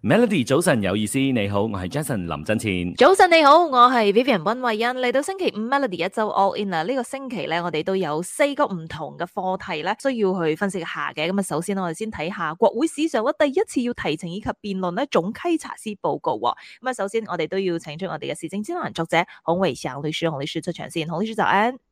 Melody，早晨有意思，你好，我係 Jason 林真倩。早晨你好，我係 Vivian 溫慧欣。嚟到星期五，Melody 一周 All In 啊！呢、這個星期呢，我哋都有四個唔同嘅課題咧，需要去分析一下嘅。咁首先我哋先睇下國會史上第一次要提呈以及辯論嘅總稽查司報告。咁首先我哋都要請出我哋嘅市政專欄作者孔維祥律師、孔律師出場先，孔律師就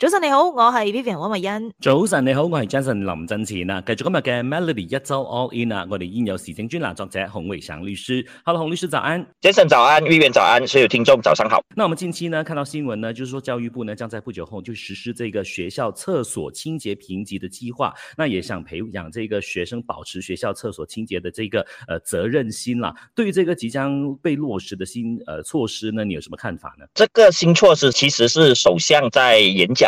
早晨你好，我是 Vivian 黃慧欣。早晨你好，我是 Jason 林振奇啊。繼續今日嘅 Melody 一周 All In 啊，我哋依家有時政專欄作者洪偉祥律師。Hello，洪律師早安。Jason 早安，Vivian 早安，所有聽眾早上好。那我們近期呢，看到新聞呢，就是說教育部呢，將在不久後就實施這個學校廁所清潔評級的計劃。那也想培養這個學生保持學校廁所清潔的這個，呃責任心啦。對於這個即將被落實的新、呃，措施呢，你有什麼看法呢？這個新措施其實是首相在演講。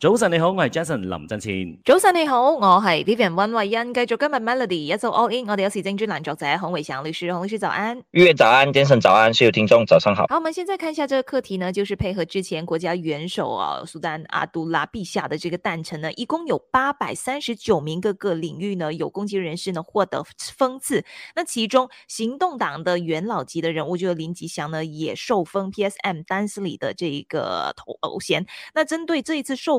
早晨你好，我係 Jason 林振前。早晨你好，我係 Vivian 温慧欣。繼續今日 Melody 一周 All In，我哋有請時事專欄作者洪偉祥、律師洪律師早安。月早安，Jason 早安，所有聽眾早上好。好，我們現在看一下這個課題呢，就是配合之前國家元首啊，蘇丹阿杜拉陛下的這個誕辰呢，一共有八百三十九名各個領域呢有功績人士呢獲得封賜。那其中行動黨的元老級的人物，就林吉祥呢，也受封 PSM 丹斯里的這一個頭銜。那針對這一次受，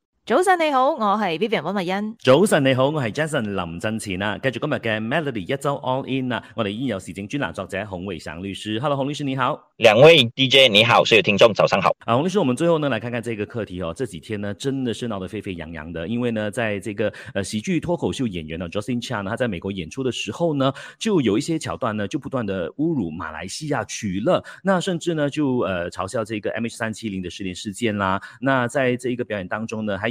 早晨你好，我係 Vivian 林文欣。早晨你好，我是，是 Jason 林振前啊。繼續今日嘅 Melody 一周 All In 啊，我哋依家有時事專欄作者洪偉祥律師。Hello，洪律師你好。兩位 DJ 你好，所有聽眾早上好。啊，洪律師，我們最後呢，來看看呢個課題哦。這幾天呢，真的是鬧得沸沸揚揚的，因為呢，在這個呃，喜劇脫口秀演員呢、啊、Justin Chan 呢，他在美國演出的時候呢，就有一些橋段呢，就不斷的侮辱馬來西亞取樂，那甚至呢，就、呃、嘲笑這個 M H 三七零的失聯事件啦。那在這一個表演當中呢，還